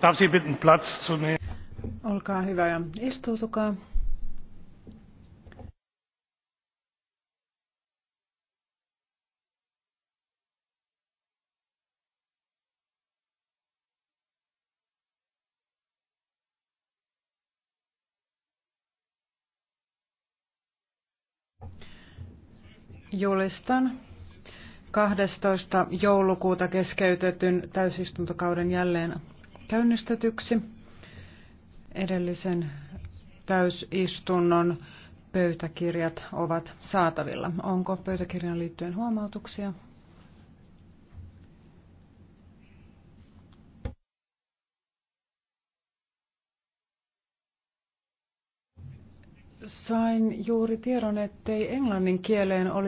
Darf Sie bitten, Platz zu nehmen? Olkaa hyvä ja istuutukaa. Julistan 12. joulukuuta keskeytetyn täysistuntokauden jälleen käynnistetyksi. Edellisen täysistunnon pöytäkirjat ovat saatavilla. Onko pöytäkirjan liittyen huomautuksia? Sain juuri tiedon, ettei englannin kieleen olisi